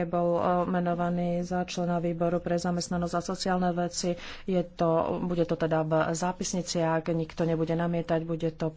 je bol e, menovaný za člena výboru pre zamestnanosť a sociálne veci. Je to, bude to teda v zápisnici, ak nikto nebude namietať, bude to